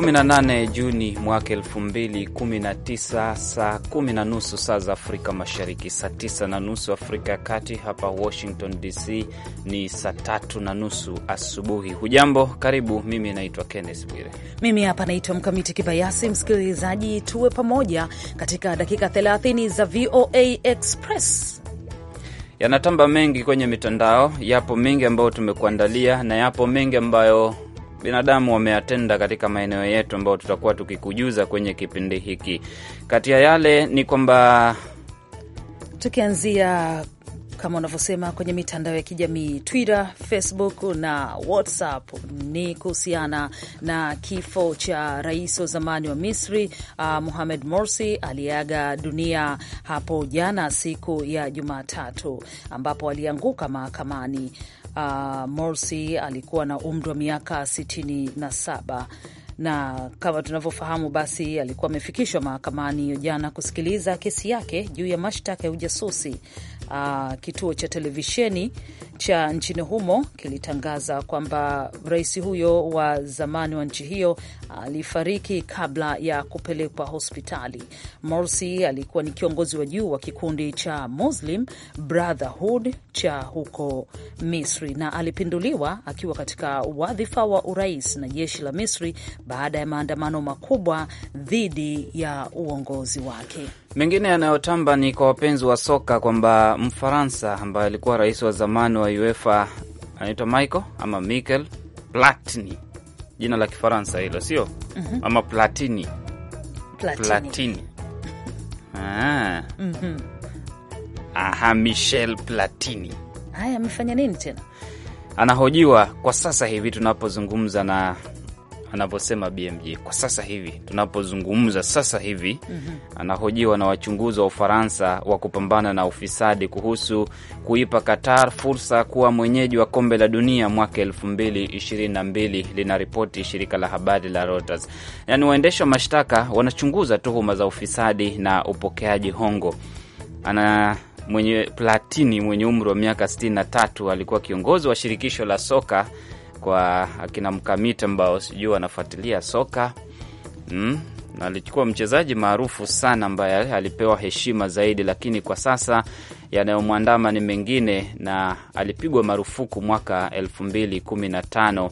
18 Juni mwaka 2019, saa kumi na nusu saa za Afrika Mashariki, saa tisa na nusu Afrika ya Kati. Hapa Washington DC ni saa tatu na nusu asubuhi. Hujambo, karibu. Mimi naitwa Kenneth Bwire. Mimi hapa naitwa Mkamiti Kibayasi. Msikilizaji, tuwe pamoja katika dakika 30 za VOA Express. Yanatamba mengi kwenye mitandao, yapo mengi ambayo tumekuandalia na yapo mengi ambayo binadamu wameyatenda katika maeneo yetu ambayo tutakuwa tukikujuza kwenye kipindi hiki. Kati ya yale ni kwamba tukianzia kama unavyosema kwenye mitandao ya kijamii Twitter, Facebook na WhatsApp ni kuhusiana na kifo cha rais wa zamani wa Misri uh, Mohamed Morsi aliyeaga dunia hapo jana siku ya Jumatatu, ambapo alianguka mahakamani uh, Morsi alikuwa na umri wa miaka 67 na kama tunavyofahamu basi alikuwa amefikishwa mahakamani hiyo jana kusikiliza kesi yake juu ya mashtaka ya ujasusi. Uh, kituo cha televisheni cha nchini humo kilitangaza kwamba rais huyo wa zamani wa nchi hiyo alifariki kabla ya kupelekwa hospitali. Morsi alikuwa ni kiongozi wa juu wa kikundi cha Muslim Brotherhood cha huko Misri na alipinduliwa akiwa katika wadhifa wa urais na jeshi la Misri baada ya maandamano makubwa dhidi ya uongozi wake. Mengine yanayotamba ni kwa wapenzi wa soka kwamba Mfaransa ambaye alikuwa rais wa zamani wa UEFA anaitwa Michael ama Michel Platini, jina la Kifaransa hilo sio? mm -hmm. ama Platini, Platini. Platini. Mhm. Ah. Mm -hmm. Aha, Michel Platini. Haya, amefanya nini tena? Anahojiwa kwa sasa hivi tunapozungumza na anavyosema BMJ kwa sasa hivi tunapozungumza sasa hivi mm -hmm. Anahojiwa na wachunguzi wa Ufaransa wa kupambana na ufisadi kuhusu kuipa Qatar fursa kuwa mwenyeji wa kombe la dunia mwaka elfu mbili ishirini na mbili, lina ripoti shirika la habari la Reuters. Yani waendesha mashtaka wanachunguza tuhuma za ufisadi na upokeaji hongo. Ana mwenye Platini mwenye umri wa miaka 63 alikuwa kiongozi wa shirikisho la soka kwa akina Mkamiti ambao sijui wanafuatilia soka mm. Alichukua mchezaji maarufu sana ambaye alipewa heshima zaidi, lakini kwa sasa yanayomwandama ni mengine, na alipigwa marufuku mwaka elfu mbili kumi na tano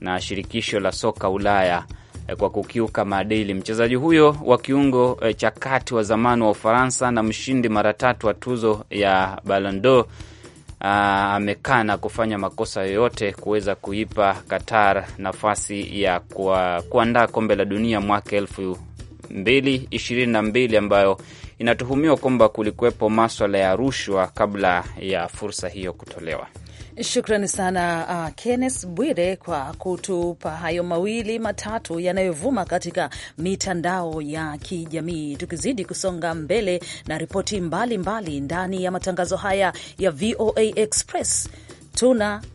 na shirikisho la soka Ulaya eh, kwa kukiuka maadili. Mchezaji huyo wa kiungo eh, cha kati wa zamani wa Ufaransa na mshindi mara tatu wa tuzo ya Ballon d'Or Ah, amekana kufanya makosa yoyote kuweza kuipa Qatar nafasi ya kuandaa kombe la dunia mwaka elfu mbili ishirini na mbili ambayo inatuhumiwa kwamba kulikuwepo maswala ya rushwa kabla ya fursa hiyo kutolewa. Shukrani sana uh, Kennes Bwire kwa kutupa hayo mawili matatu yanayovuma katika mitandao ya kijamii. Tukizidi kusonga mbele na ripoti mbalimbali ndani ya matangazo haya ya VOA Express,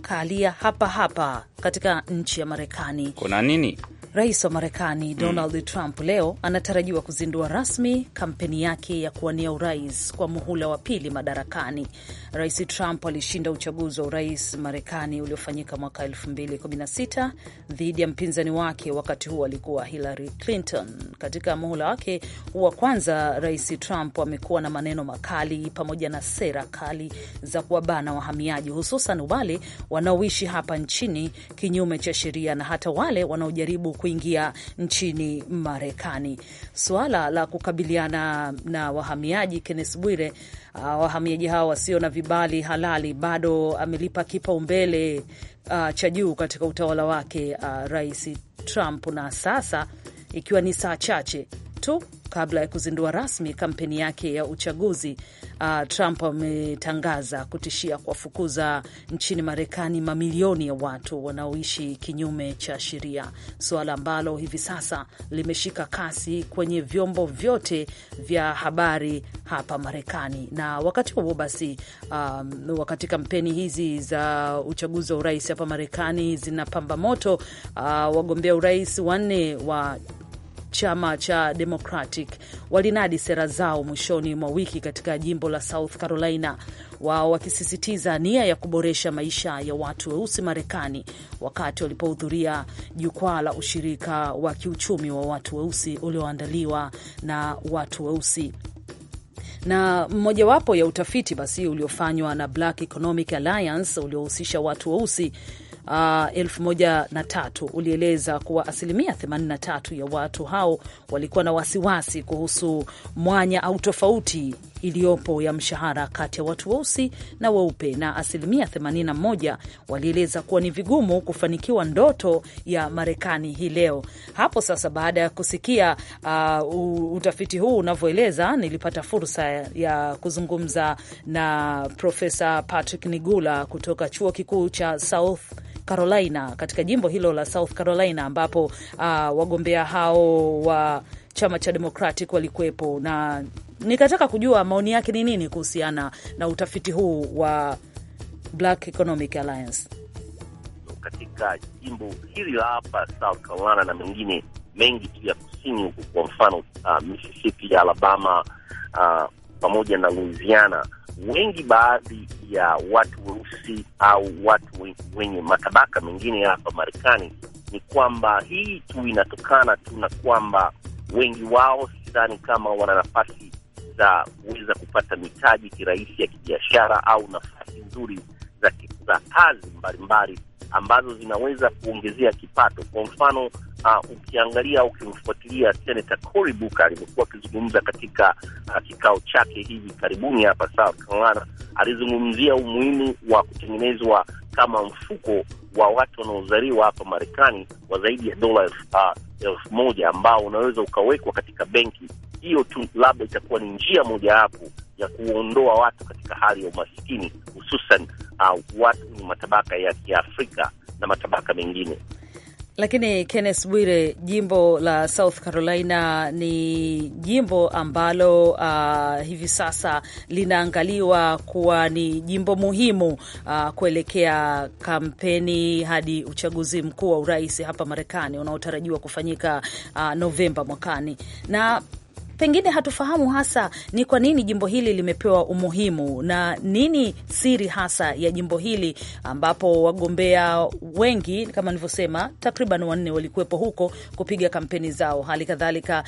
kalia hapa hapa katika nchi ya Marekani. Kuna nini? Rais wa Marekani mm. Donald mm. Trump leo anatarajiwa kuzindua rasmi kampeni yake ya kuwania urais kwa muhula wa pili madarakani. Rais Trump alishinda uchaguzi wa urais Marekani uliofanyika mwaka 2016 dhidi ya mpinzani wake wakati huo alikuwa Hillary Clinton. Katika muhula wake wa kwanza, Rais Trump amekuwa na maneno makali pamoja na sera kali za kuwabana wahamiaji, hususan wale wanaoishi hapa nchini kinyume cha sheria na hata wale wanaojaribu kuingia nchini Marekani. Suala la kukabiliana na wahamiaji, Kennes Bwire, uh, wahamiaji hawa wasio na vibali halali bado amelipa kipaumbele uh, cha juu katika utawala wake uh, Rais Trump, na sasa ikiwa ni saa chache tu kabla ya kuzindua rasmi kampeni yake ya uchaguzi uh, Trump ametangaza kutishia kuwafukuza nchini Marekani mamilioni ya watu wanaoishi kinyume cha sheria, suala ambalo hivi sasa limeshika kasi kwenye vyombo vyote vya habari hapa Marekani. Na wakati huo basi, um, wakati kampeni hizi za uchaguzi wa urais hapa Marekani zinapamba moto, uh, wagombea urais wanne wa chama cha Democratic walinadi sera zao mwishoni mwa wiki katika jimbo la South Carolina, wao wakisisitiza nia ya kuboresha maisha ya watu weusi Marekani, wakati walipohudhuria jukwaa la ushirika wa kiuchumi wa watu weusi ulioandaliwa na watu weusi na mmojawapo ya utafiti basi uliofanywa na Black Economic Alliance uliohusisha watu weusi wa Uh, elfu moja na tatu ulieleza kuwa asilimia 83 ya watu hao walikuwa na wasiwasi kuhusu mwanya au tofauti iliyopo ya mshahara kati ya watu weusi na weupe, na asilimia 81 walieleza kuwa ni vigumu kufanikiwa ndoto ya Marekani hii leo. Hapo sasa, baada ya kusikia uh, utafiti huu unavyoeleza, nilipata fursa ya kuzungumza na Profesa Patrick Nigula kutoka chuo kikuu cha South Carolina, katika jimbo hilo la South Carolina ambapo uh, wagombea hao wa chama cha Democratic walikuwepo, na nikataka kujua maoni yake ni nini kuhusiana na utafiti huu wa Black Economic Alliance katika jimbo hili la hapa South Carolina na mengine mengi ya kusini huku, kwa mfano uh, Mississippi, Alabama uh, pamoja na Louisiana wengi, baadhi ya watu weusi au watu wenye matabaka mengine hapa Marekani, ni kwamba hii tu inatokana tu na kwamba wengi wao sidhani kama wana nafasi za kuweza kupata mitaji kirahisi ya kibiashara au nafasi nzuri za, za kazi mbalimbali ambazo zinaweza kuongezea kipato. Kwa mfano uh, ukiangalia au ukimfuatilia Senata Cory Booker alivyokuwa akizungumza katika uh, kikao chake hivi karibuni hapa South Carolina, alizungumzia umuhimu wa kutengenezwa kama mfuko wa watu wanaozaliwa hapa Marekani wa zaidi ya dola elfu uh, elfu moja ambao unaweza ukawekwa katika benki hiyo tu, labda itakuwa ni njia mojawapo ya kuondoa watu katika hali ya umasikini, hususan uh, watu wenye matabaka ya Kiafrika na matabaka mengine. Lakini Kenneth Bwire, jimbo la South Carolina ni jimbo ambalo uh, hivi sasa linaangaliwa kuwa ni jimbo muhimu uh, kuelekea kampeni hadi uchaguzi mkuu wa urais hapa Marekani unaotarajiwa kufanyika uh, Novemba mwakani na pengine hatufahamu hasa ni kwa nini jimbo hili limepewa umuhimu na nini siri hasa ya jimbo hili ambapo wagombea wengi kama nilivyosema, takriban wanne walikuwepo huko kupiga kampeni zao. Hali kadhalika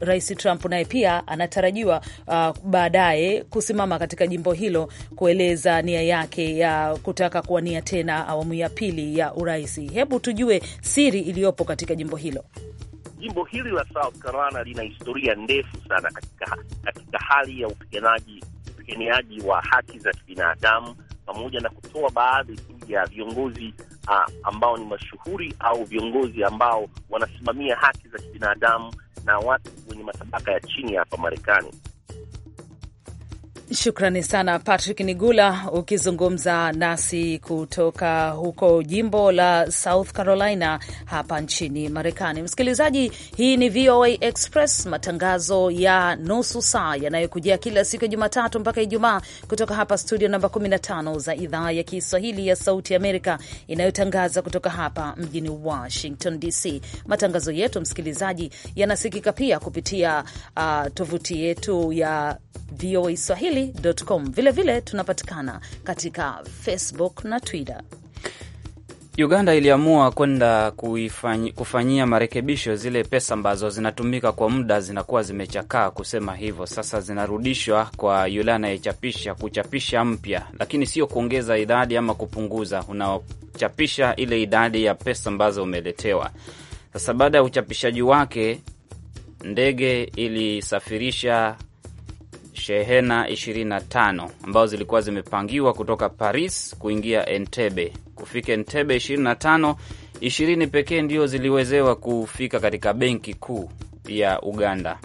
Rais Trump naye pia anatarajiwa uh, baadaye kusimama katika jimbo hilo kueleza nia yake ya kutaka kuwania tena awamu ya pili ya urais. Hebu tujue siri iliyopo katika jimbo hilo jimbo hili la South Carolina lina historia ndefu sana katika, katika hali ya upiganaji upiganiaji wa haki za kibinadamu pamoja na kutoa baadhi ya viongozi uh, ambao ni mashuhuri au viongozi ambao wanasimamia haki za kibinadamu na watu wenye matabaka ya chini hapa Marekani. Shukrani sana Patrick Nigula, ukizungumza nasi kutoka huko jimbo la South Carolina hapa nchini Marekani. Msikilizaji, hii ni VOA Express, matangazo ya nusu saa yanayokujia kila siku ya Jumatatu mpaka Ijumaa kutoka hapa studio namba 15 za idhaa ya Kiswahili ya Sauti Amerika inayotangaza kutoka hapa mjini Washington DC. Matangazo yetu msikilizaji, yanasikika pia kupitia uh, tovuti yetu ya VOA Swahili voaswahili.com. Vilevile tunapatikana katika Facebook na Twitter. Uganda iliamua kwenda kufanyia marekebisho zile pesa ambazo zinatumika kwa muda zinakuwa zimechakaa, kusema hivyo sasa zinarudishwa kwa yule anayechapisha kuchapisha mpya, lakini sio kuongeza idadi ama kupunguza. Unachapisha ile idadi ya pesa ambazo umeletewa. Sasa baada ya uchapishaji wake, ndege ilisafirisha shehena 25 ambazo zilikuwa zimepangiwa kutoka Paris kuingia Entebe. Kufika Entebe 25, 20 pekee ndio ziliwezewa kufika katika benki kuu ya Uganda,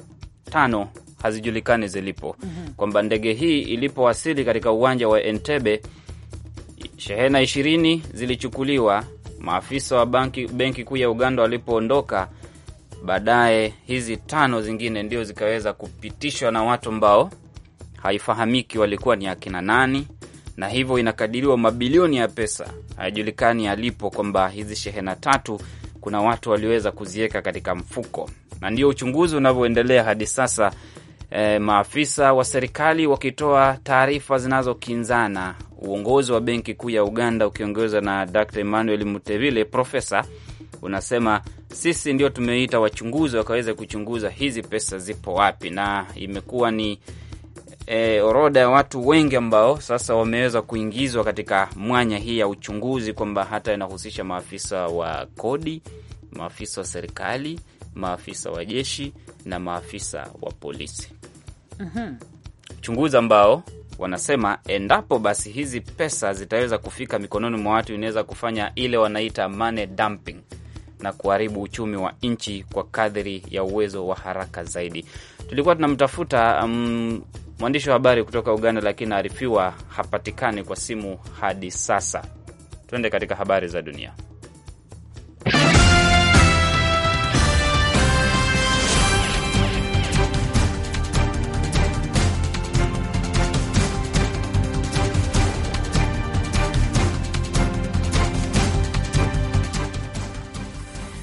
tano hazijulikani zilipo. mm -hmm. Kwamba ndege hii ilipowasili katika uwanja wa Entebe, shehena 20 zilichukuliwa. Maafisa wa banki, benki kuu ya Uganda walipoondoka baadaye hizi tano zingine ndio zikaweza kupitishwa na watu ambao haifahamiki walikuwa ni akina nani, na hivyo inakadiriwa mabilioni ya pesa hayajulikani alipo, kwamba hizi shehena tatu kuna watu waliweza kuziweka katika mfuko, na ndio uchunguzi unavyoendelea hadi sasa. E, maafisa wa serikali wakitoa taarifa zinazokinzana, uongozi wa Benki Kuu ya Uganda ukiongozwa na Dr. Emmanuel Mutevile profesa unasema sisi ndio tumeita wachunguzi wakaweza kuchunguza hizi pesa zipo wapi, na imekuwa ni e, orodha ya watu wengi ambao sasa wameweza kuingizwa katika mwanya hii ya uchunguzi, kwamba hata inahusisha maafisa wa kodi, maafisa wa serikali, maafisa wa jeshi na maafisa wa polisi. mm-hmm. Uchunguzi ambao wanasema endapo basi hizi pesa zitaweza kufika mikononi mwa watu, inaweza kufanya ile wanaita money dumping na kuharibu uchumi wa nchi kwa kadhiri ya uwezo wa haraka zaidi. Tulikuwa tunamtafuta um, Mwandishi wa habari kutoka Uganda lakini aarifiwa hapatikani kwa simu hadi sasa. Tuende katika habari za dunia.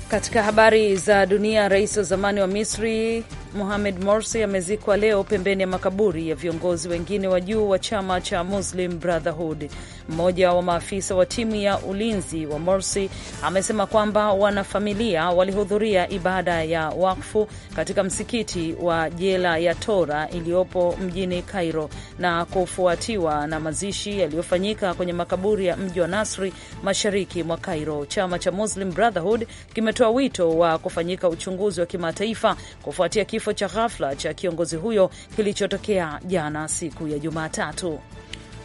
Katika habari za dunia, rais wa zamani wa Misri Mohamed Morsi amezikwa leo pembeni ya makaburi ya viongozi wengine wa juu wa chama cha Muslim Brotherhood. Mmoja wa maafisa wa timu ya ulinzi wa Morsi amesema kwamba wanafamilia walihudhuria ibada ya wakfu katika msikiti wa jela ya Tora iliyopo mjini Cairo na kufuatiwa na mazishi yaliyofanyika kwenye makaburi ya mji wa Nasri mashariki mwa Cairo. Chama cha Muslim Brotherhood kimetoa wito wa kufanyika uchunguzi wa kimataifa kufuatia kifo kifo cha ghafla cha kiongozi huyo kilichotokea jana siku ya Jumatatu.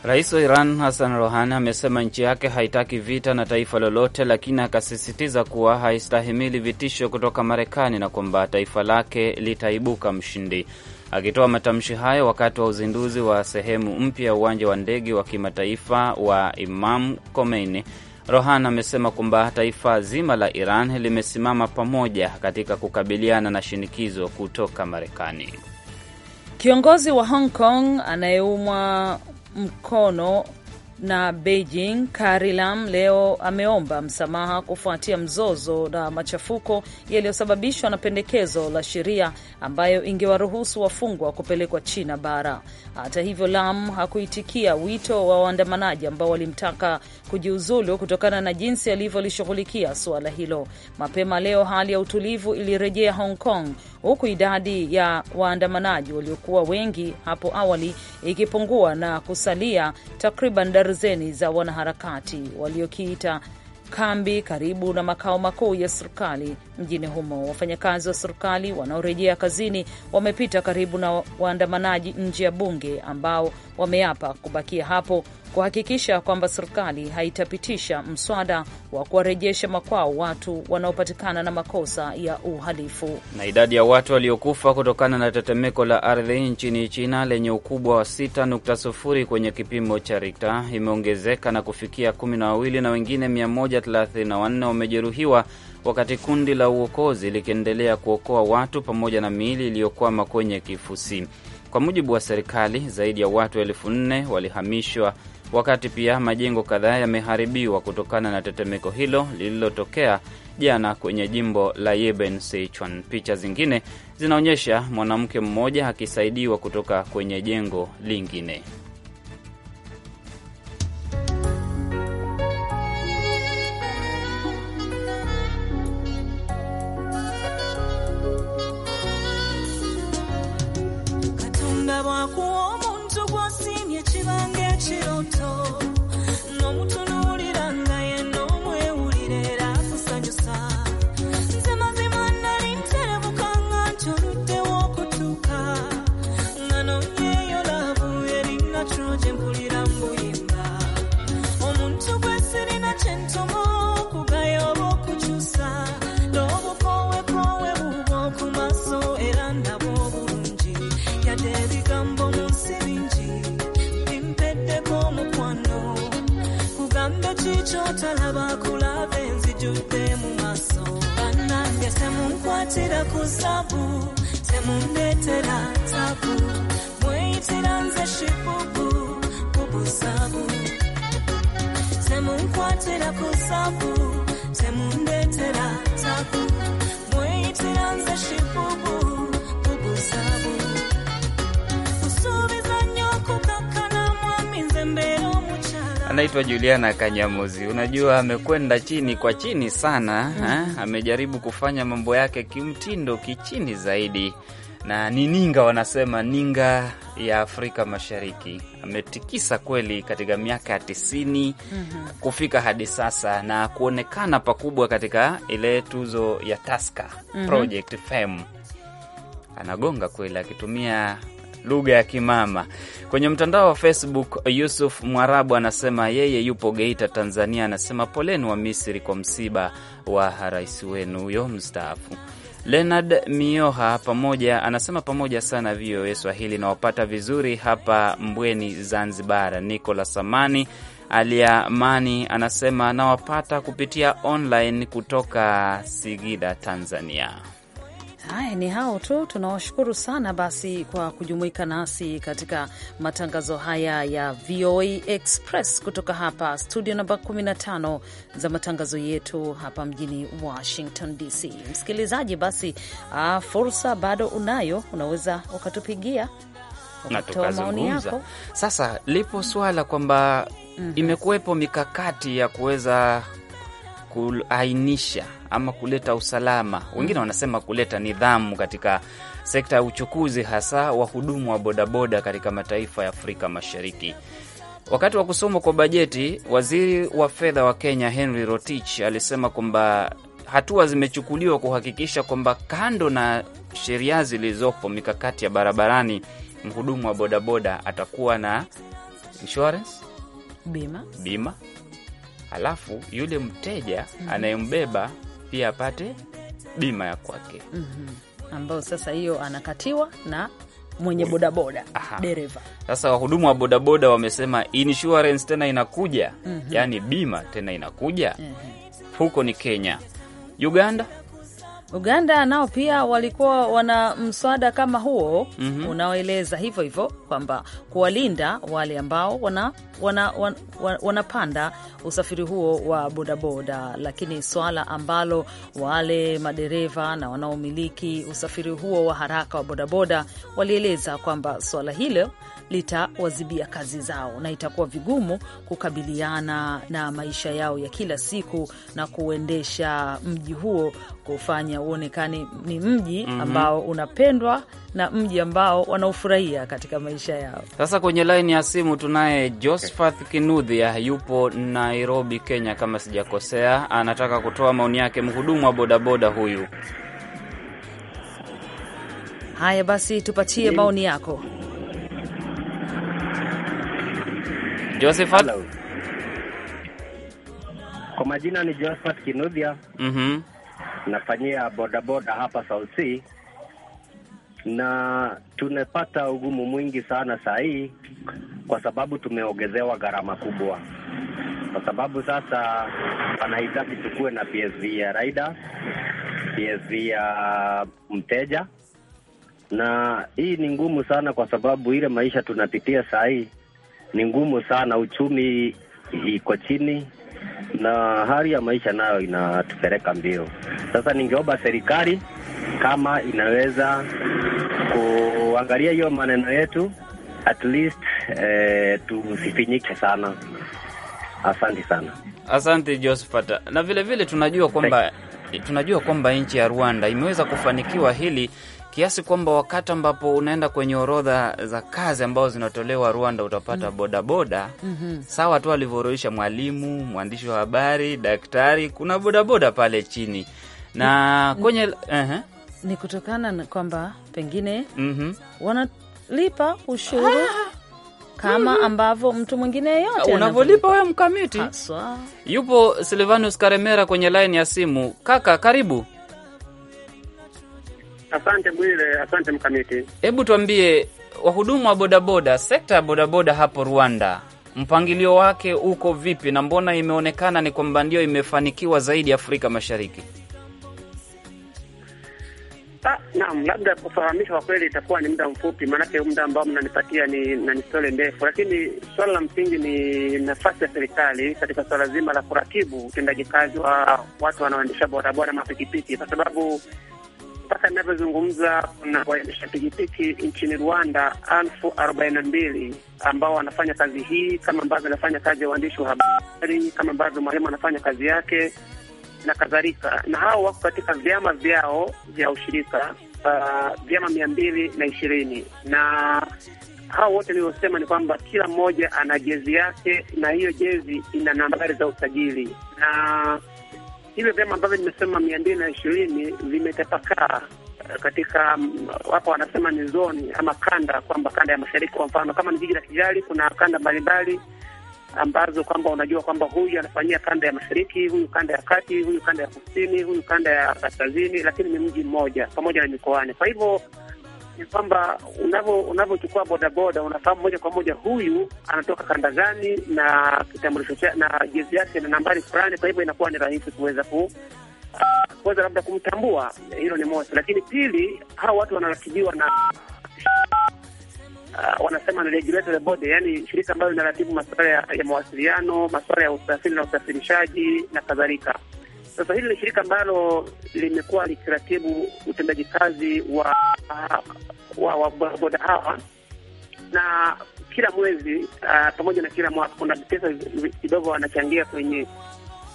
Rais wa Iran Hassan Rohani amesema nchi yake haitaki vita na taifa lolote, lakini akasisitiza kuwa haistahimili vitisho kutoka Marekani na kwamba taifa lake litaibuka mshindi. Akitoa matamshi hayo wakati wa uzinduzi wa sehemu mpya ya uwanja wa ndege wa kimataifa wa Imam Khomeini Rohan amesema kwamba taifa zima la Iran limesimama pamoja katika kukabiliana na shinikizo kutoka Marekani. Kiongozi wa Hong Kong anayeumwa mkono na Beijing Karilam leo ameomba msamaha kufuatia mzozo na machafuko yaliyosababishwa na pendekezo la sheria ambayo ingewaruhusu wafungwa kupelekwa China bara. Hata hivyo, Lam hakuitikia wito wa waandamanaji ambao walimtaka kujiuzulu kutokana na jinsi alivyolishughulikia suala hilo. Mapema leo hali ya utulivu ilirejea Hong Kong, huku idadi ya waandamanaji waliokuwa wengi hapo awali ikipungua na kusalia takriban darzeni za wanaharakati waliokiita kambi karibu na makao makuu ya serikali mjini humo. Wafanyakazi wa serikali wanaorejea kazini wamepita karibu na waandamanaji nje ya bunge ambao wameapa kubakia hapo kuhakikisha kwamba serikali haitapitisha mswada wa kuwarejesha makwao watu wanaopatikana na makosa ya uhalifu. Na idadi ya watu waliokufa kutokana na tetemeko la ardhi nchini China lenye ukubwa wa 6.0 kwenye kipimo cha Rikta imeongezeka na kufikia 1 na wawili na wengine 134 wamejeruhiwa wakati kundi la uokozi likiendelea kuokoa watu pamoja na miili iliyokwama kwenye kifusi. Kwa mujibu wa serikali, zaidi ya watu elfu nne walihamishwa wakati pia majengo kadhaa yameharibiwa kutokana na tetemeko hilo lililotokea jana kwenye jimbo la Yeben Sichuan. Picha zingine zinaonyesha mwanamke mmoja akisaidiwa kutoka kwenye jengo lingine. Katunda talaba kulave nzijudde mu maaso bannange temunkwatira ku zaabu temundeetera tabu mweyitira nze shibubu bubusabu temunkwatira ku zaabu temundeetera tabu anaitwa Juliana Kanyamuzi. Unajua, amekwenda chini kwa chini sana mm. ha? amejaribu kufanya mambo yake kimtindo kichini zaidi, na ni ninga, wanasema ninga ya Afrika Mashariki. Ametikisa kweli katika miaka ya tisini mm -hmm. kufika hadi sasa na kuonekana pakubwa katika ile tuzo ya Taska mm -hmm. Project Fame anagonga kweli akitumia lugha ya kimama. Kwenye mtandao wa Facebook, Yusuf Mwarabu anasema yeye yupo Geita, Tanzania. Anasema poleni wa Misri kwa msiba wa rais wenu huyo mstaafu. Leonard Mioha pamoja anasema pamoja sana VOA Swahili, nawapata vizuri hapa Mbweni, Zanzibar. Nicolas Amani Aliamani anasema nawapata kupitia online kutoka sigida Tanzania. Haya, ni hao tu, tunawashukuru sana basi kwa kujumuika nasi katika matangazo haya ya VOA Express kutoka hapa studio namba 15 za matangazo yetu hapa mjini Washington DC. Msikilizaji, basi a, ah, fursa bado unayo, unaweza ukatupigia maoni yako. Sasa lipo swala kwamba mm -hmm. imekuwepo mikakati ya kuweza kuainisha ama kuleta usalama, wengine wanasema kuleta nidhamu katika sekta ya uchukuzi, hasa wahudumu wa bodaboda katika mataifa ya Afrika Mashariki. Wakati wa kusomwa kwa bajeti, waziri wa fedha wa Kenya Henry Rotich alisema kwamba hatua zimechukuliwa kuhakikisha kwamba kando na sheria zilizopo, mikakati ya barabarani, mhudumu wa bodaboda atakuwa na insurance, bima, bima alafu yule mteja mm -hmm. anayembeba pia apate bima ya kwake mm -hmm. ambayo sasa hiyo anakatiwa na mwenye bodaboda dereva. Sasa wahudumu wa bodaboda wamesema insurance tena inakuja mm -hmm. yaani bima tena inakuja mm -hmm. huko ni Kenya, Uganda Uganda nao pia walikuwa wana mswada kama huo mm -hmm. unaoeleza hivyo hivyo kwamba kuwalinda wale ambao wana, wana, wana, wana, wanapanda usafiri huo wa bodaboda, lakini swala ambalo wale madereva na wanaomiliki usafiri huo wa haraka wa bodaboda walieleza kwamba swala hilo litawazibia kazi zao na itakuwa vigumu kukabiliana na maisha yao ya kila siku na kuendesha mji huo kufanya uonekane ni mji mhm. ambao unapendwa na mji ambao wanaofurahia katika maisha yao. Sasa kwenye laini ya simu tunaye Josphat Kinudhia, yupo Nairobi, Kenya, kama sijakosea. Anataka kutoa maoni yake, mhudumu wa bodaboda huyu. Haya basi, tupatie maoni yako. Josephat. Kwa majina ni Josephat mm -hmm. Nafanyia bodaboda hapa South Sea na tumepata ugumu mwingi sana saa hii kwa sababu tumeongezewa gharama kubwa, kwa sababu sasa wanahitaji tukuwe na PSV ya raida PSV ya mteja, na hii ni ngumu sana, kwa sababu ile maisha tunapitia saa hii ni ngumu sana, uchumi iko chini na hali ya maisha nayo inatupeleka mbio. Sasa ningeomba serikali kama inaweza kuangalia hiyo maneno yetu at least, eh, tusifinyike sana. Asante sana, asante Josephat. Na vilevile vile tunajua kwamba tunajua kwamba nchi ya Rwanda imeweza kufanikiwa hili kiasi kwamba wakati ambapo unaenda kwenye orodha za kazi ambazo zinatolewa Rwanda utapata mm. bodaboda mm. boda. mm -hmm. sawa tu alivyoorodhesha mwalimu, mwandishi wa habari, daktari, kuna bodaboda pale chini na ni, kwenye ni, uh -huh. ni kutokana na kwamba pengine mm -hmm. wanalipa ushuru ah kama mhm. ambavyo mtu mwingine yeyote ah, unavyolipa wewe mkamiti. Haswa. Yupo Silvanus Karemera kwenye laini ya simu. Kaka, karibu. Asante Bwile, asante Mkamiti. Hebu tuambie, wahudumu wa bodaboda, sekta ya bodaboda hapo Rwanda mpangilio wake uko vipi, na mbona imeonekana ni kwamba ndio imefanikiwa zaidi Afrika Mashariki? Ah, naam, labda kufahamisha kwa kweli itakuwa ni muda mfupi, maanake muda ambao mnanipatia ni na ni stori ndefu, lakini swala la msingi ni nafasi ya serikali katika suala zima la kuratibu utendaji kazi wa watu wanaoendesha bodaboda mapikipiki, kwa sababu mpaka inavyozungumza kuna waendesha pikipiki nchini Rwanda elfu arobaini na mbili ambao wanafanya kazi hii kama ambavyo anafanya kazi ya uandishi wa habari, kama ambavyo mwalimu anafanya kazi yake na kadhalika, na hao wako katika vyama vyao vya ushirika uh, vyama mia mbili na ishirini na hao wote niliosema ni kwamba kila mmoja ana jezi yake, na hiyo jezi ina nambari za usajili na hivyo vyama ambavyo nimesema mia mbili na ishirini vimetapakaa eh, katika mm, wapo wanasema ni zoni ama kanda, kwamba kanda ya mashariki, kwa mfano kama ni jiji la Kijali, kuna kanda mbalimbali ambazo kwamba unajua kwamba huyu anafanyia kanda ya mashariki, huyu kanda ya kati, huyu kanda ya kusini, huyu kanda ya kaskazini, lakini ni mji mmoja pamoja na mikoani. Kwa hivyo ni kwamba unavyochukua bodaboda unafahamu moja kwa moja huyu anatoka kanda gani na kitambulisho cha na jezi yake na nambari fulani. Kwa hivyo inakuwa ni rahisi kuweza ku ah, kuweza labda kumtambua. Hilo ni moja, lakini pili, hawa watu wanaratibiwa na Uh, wanasema ni regulatory body, yani shirika ambalo linaratibu masuala ya, ya mawasiliano, masuala ya usafiri na usafirishaji na kadhalika. Sasa hili ni shirika ambalo limekuwa likiratibu utendaji kazi wa wabodaboda hawa na kila mwezi uh, pamoja na kila mwaka kuna pesa kidogo wanachangia kwenye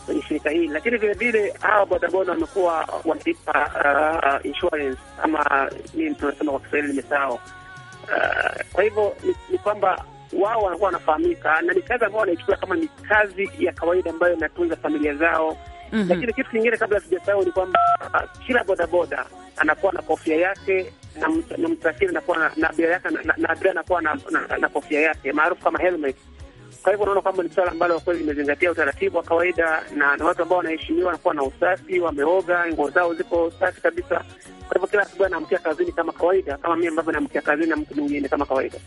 kwenye shirika hili, lakini vile vile hawa bodaboda wamekuwa wanalipa uh, ah, insurance ama nini tunasema kwa Kiswahili nimesahau. Uh, kwa hivyo ni, ni kwamba wao wanakuwa wanafahamika na ni kazi ambao wanaichukua kama ni kazi ya kawaida ambayo inatunza familia zao -hmm. Lakini kitu kingine kabla sijasahau ni kwamba ah, kila bodaboda anakuwa na kofia yake na, na msafiri anakuwa na, na abiria yake na abiria anakuwa na, na, na, na kofia yake maarufu kama helmet. Kwa hivyo unaona kwamba ni swala ambalo kweli limezingatia utaratibu wa kawaida na, na watu ambao wanaheshimiwa wanakuwa na usafi, wameoga, nguo zao ziko safi kabisa kwa hivyo kila asubuhi anaamkia kazini kama kawaida, kama mimi ambavyo naamkia kazini na mtu mwingine kama kawaida.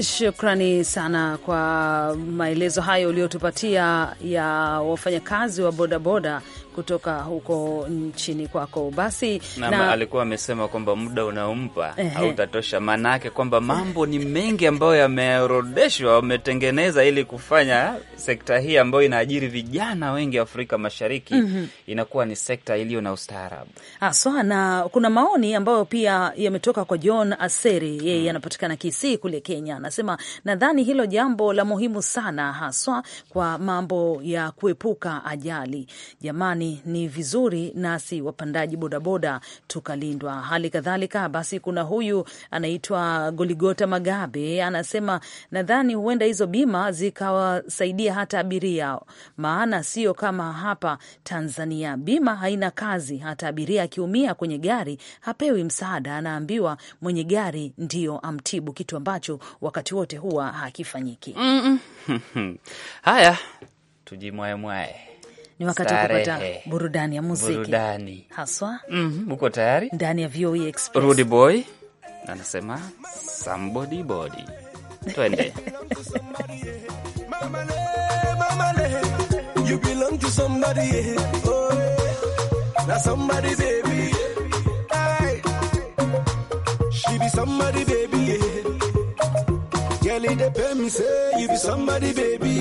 Shukrani sana kwa maelezo hayo uliotupatia ya wafanyakazi wa bodaboda kutoka huko nchini kwako. Basi na, na... alikuwa amesema kwamba muda unaompa hautatosha, maana yake kwamba mambo ni mengi ambayo yameorodeshwa, wametengeneza ili kufanya sekta hii ambayo inaajiri vijana wengi Afrika Mashariki mm -hmm. inakuwa ni sekta iliyo na ustaarabu haswa, na kuna maoni ambayo pia yametoka kwa John Aseri, yeye hmm. anapatikana Kisii kule Kenya. Anasema nadhani hilo jambo la muhimu sana, haswa kwa mambo ya kuepuka ajali. Jamani, ni vizuri nasi wapandaji bodaboda tukalindwa. Hali kadhalika basi, kuna huyu anaitwa Goligota Magabe, anasema nadhani huenda hizo bima zikawasaidia hata abiria, maana sio kama hapa Tanzania bima haina kazi. Hata abiria akiumia kwenye gari hapewi msaada, anaambiwa mwenye gari ndiyo amtibu, kitu ambacho wakati wote huwa hakifanyiki. mm -mm. Haya, tujimwae mwae ni wakati wa kupata burudani ya muziki burudani haswa. mm -hmm. Uko tayari? Ndani ya VOA e Express, Rudy Boy anasema somebody body, twende You belong to somebody, eh, oh, yeah. Now somebody baby. yeah. somebody, baby. Yeah. Girl, it depend me say you be somebody, baby.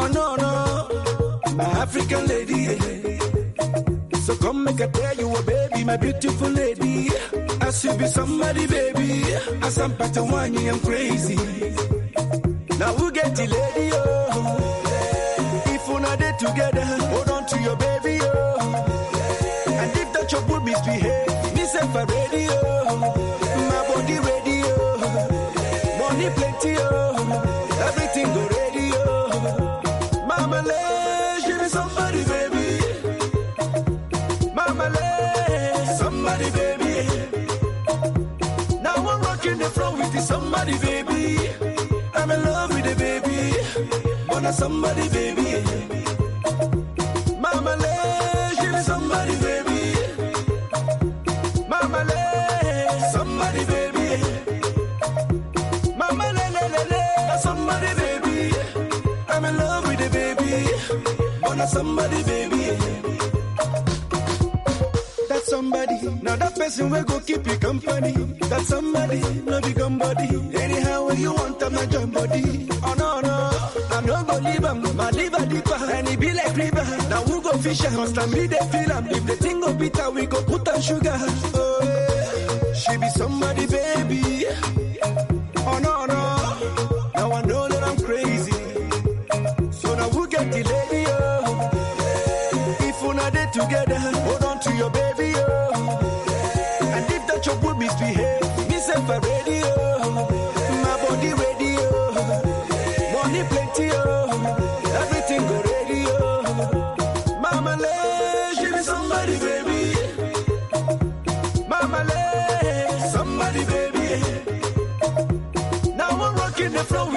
Oh no no, my African lady. Yeah. So come make I tell you, a oh, baby, my beautiful lady. I should be somebody, baby. As I'm Patawani, I'm crazy. Now we get the lady, oh? If we're not there together, hold on to your baby, oh. And if that your misbehave, me say for radio. Oh. money plenty, oh. Everything go ready, oh. Mama, let give me somebody, baby. Mama, let somebody, baby. Now I'm rocking the floor with the somebody, baby. I'm in love with the baby. Wanna somebody, baby. corner somebody, baby. That somebody, now that person will go keep you company. That somebody, no be body. Anyhow, when you want, I'm not your body. Oh no, no, I'm not gonna leave him. My liver deeper, and he be like river. Now who go fish and constantly they feel him. If the thing go bitter, we go put on sugar. Oh, she be somebody.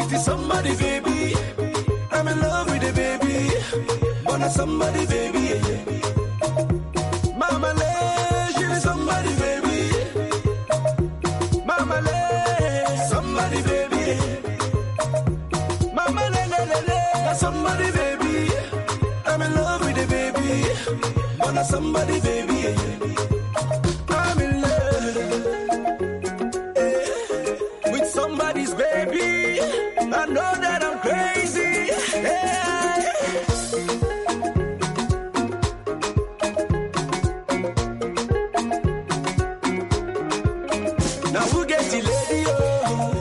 If somebody, baby, I'm in love with a baby. Wanna somebody, baby. Mama, le, she is somebody, baby. Mama, le, somebody, baby. Mama, le le le, lay, somebody, baby. I'm in love with a baby. Wanna somebody, baby.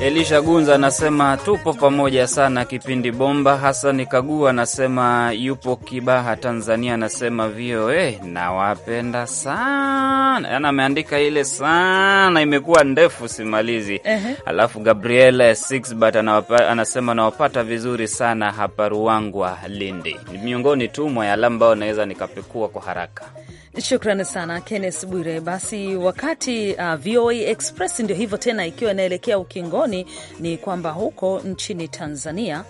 Elisha Gunza anasema tupo pamoja sana kipindi bomba. Hasani kagu anasema yupo Kibaha, Tanzania, anasema VOA nawapenda sana yaani, ameandika ile sana, imekuwa ndefu simalizi. uh -huh. Alafu Gabriel Sixbat anasema nawapata vizuri sana hapa Ruangwa, Lindi. Ni miongoni tu mwa yale ambayo naweza nikapekua kwa haraka. Shukrani sana Kennes Bwire. Basi wakati uh, VOA Express ndio hivyo tena, ikiwa inaelekea ukingoni, ni kwamba huko nchini Tanzania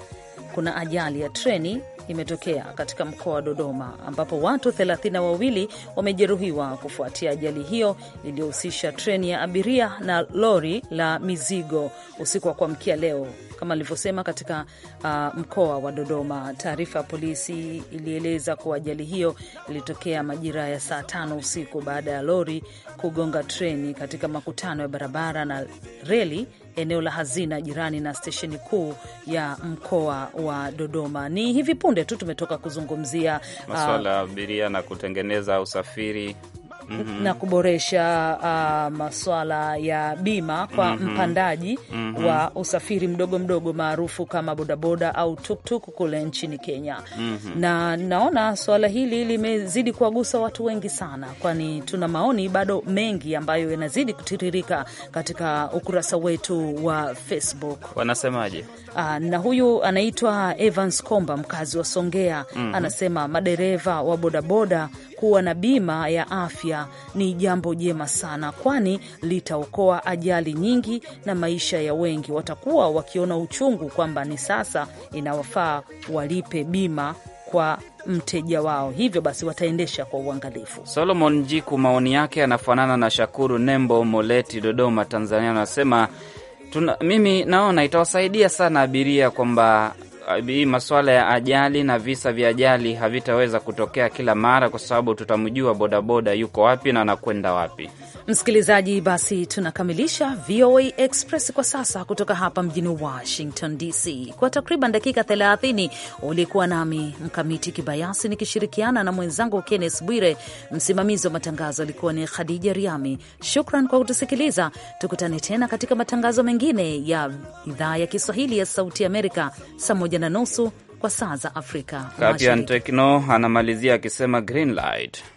kuna ajali ya treni imetokea katika mkoa wa Dodoma ambapo watu thelathini na wawili wamejeruhiwa kufuatia ajali hiyo iliyohusisha treni ya abiria na lori la mizigo usiku wa kuamkia leo kama alivyosema katika uh, mkoa wa Dodoma. Taarifa ya polisi ilieleza kuwa ajali hiyo ilitokea majira ya saa tano usiku baada ya lori kugonga treni katika makutano ya barabara na reli eneo la Hazina jirani na stesheni kuu ya mkoa wa Dodoma. Ni hivi punde tu tumetoka kuzungumzia uh, maswala ya uh, abiria na kutengeneza usafiri -hmm. na kuboresha uh, maswala ya bima kwa mm -hmm. mpandaji mm -hmm. wa usafiri mdogo mdogo maarufu kama bodaboda au tuktuk kule nchini Kenya mm -hmm. na naona swala hili limezidi kuwagusa watu wengi sana, kwani tuna maoni bado mengi ambayo yanazidi kutiririka katika ukurasa wetu wa Facebook. Wanasemaje? Uh, na huyu anaitwa Evans Komba mkazi wa Songea mm -hmm. anasema madereva wa bodaboda kuwa na bima ya afya afya ni jambo jema sana, kwani litaokoa ajali nyingi na maisha ya wengi. Watakuwa wakiona uchungu kwamba ni sasa inawafaa walipe bima kwa mteja wao, hivyo basi wataendesha kwa uangalifu. Solomon Jiku maoni yake anafanana na Shakuru Nembo Moleti, Dodoma, Tanzania, anasema Tuna, mimi naona itawasaidia sana abiria kwamba hii masuala ya ajali na visa vya ajali havitaweza kutokea kila mara, kwa sababu tutamjua bodaboda yuko wapi na anakwenda wapi. Msikilizaji, basi tunakamilisha VOA Express kwa sasa kutoka hapa mjini Washington DC. Kwa takriban dakika 30 ulikuwa nami Mkamiti Kibayasi nikishirikiana na mwenzangu Kennes Bwire. Msimamizi wa matangazo alikuwa ni Khadija Riami. Shukran kwa kutusikiliza. Tukutane tena katika matangazo mengine ya idhaa ya Kiswahili ya Sauti Amerika saa moja na nusu kwa saa za Afrika. Tekno anamalizia akisema green light.